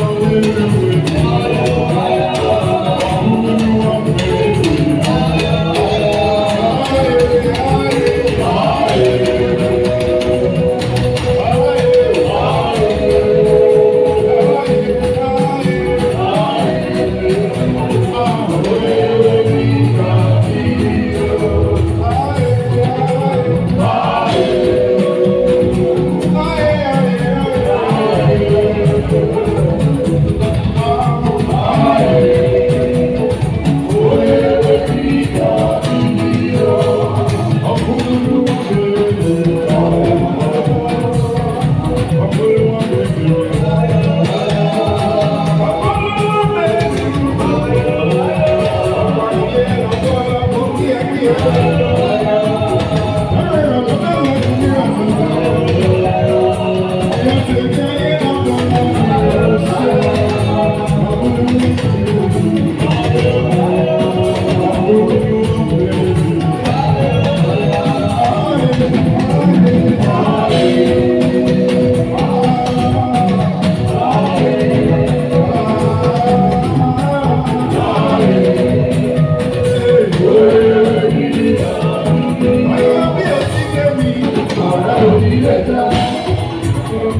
Hallelujah.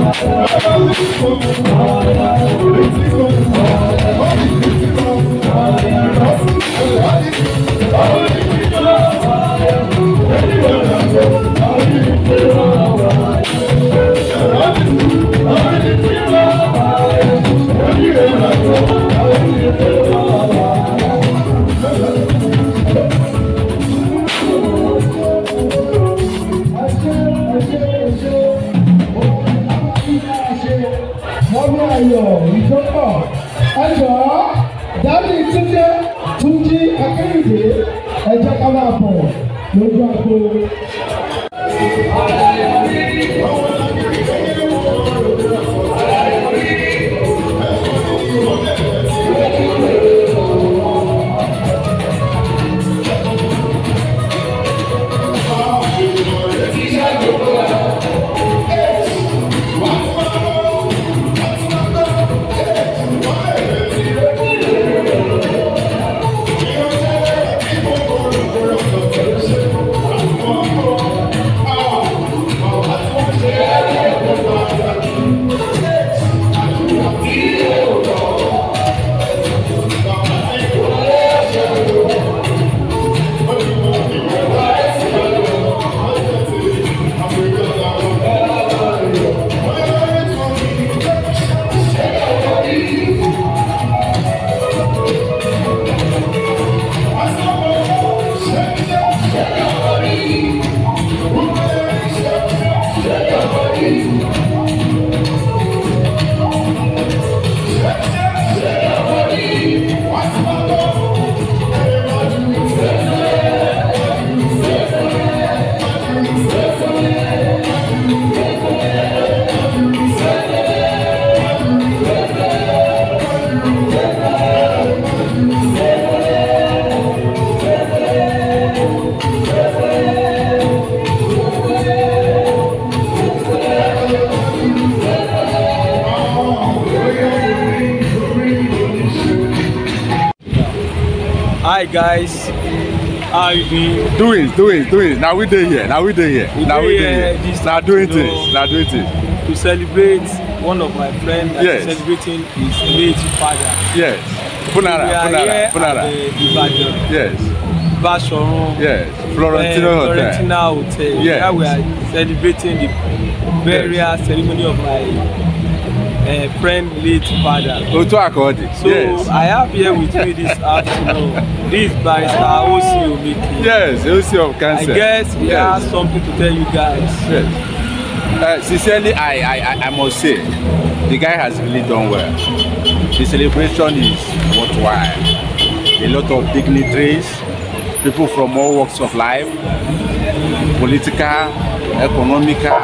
Oh, dáàbì túnjẹ túnjí akérèdé ẹ jẹ́ ká máa bọ̀ lójú àgbo. Hi guys, how you doing? Doing, doing, doing. Now we day here. Now we day here. We now we day here. here. Now doing things. Now doing things. To celebrate one of my friends that yes. is celebrating his late father. Yes. Funara, so Funara, Funara. Ibadan. Yes. Bashoron. Yes. Florentino eh, Hotel. Florentina Hotel. Yes. Where we are celebrating the burial yes. ceremony of my uh, friend late father. Otu Akodi. So yes. I have here with me this afternoon. this barrister Osi Omeke. Yes, Osi of cancer. I guess he yes. has something to tell you guys. Yes. Uh, sincerely, I, I, I must say, the guy has really done well. The celebration is worthwhile. A lot of dignitaries, people from all walks of life, political, economical,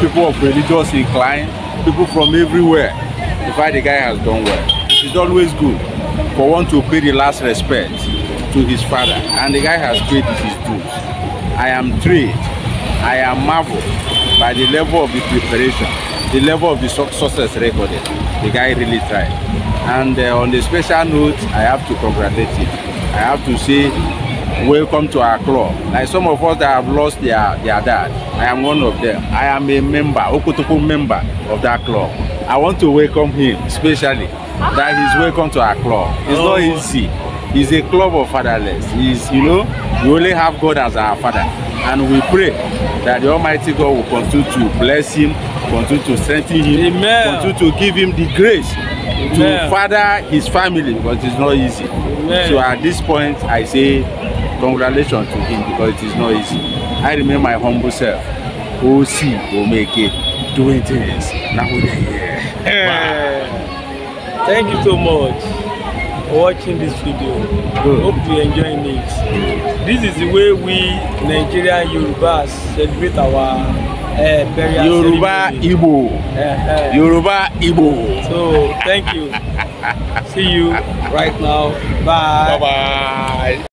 people of religious incline, people from everywhere the fact the guy has done well it always good for one to pay the last respect to his father and the guy has paid his dues i am thrilled i am marveled by the level of the preparation the level of the success recorded the guy really tried and uh, on a special note i have to congratulate him i have to say welcome to our club. Like some of us that have lost their, their dad, I am one of them. I am a member, Okotoko member of that club. I want to welcome him, especially that he's welcome to our club. It's oh. not easy. He's a club of fatherless. He's you know, we only have God as our father. And we pray that the Almighty God will continue to bless him, continue to strengthen him, Amen. continue to give him the grace Amen. to father his family, but it's not easy. Amen. So at this point, I say, congratulations to him because it is not easy i remain my humble self oc omeke doing things now we dey here. Eh, thank you so much for watching this video Good. hope you enjoying it this is the way we nigerian yorubas celebrate our uh, burial yoruba ceremony. igbo uh eh, -huh. yoruba Ibo. so thank you see you right now bye. bye, -bye.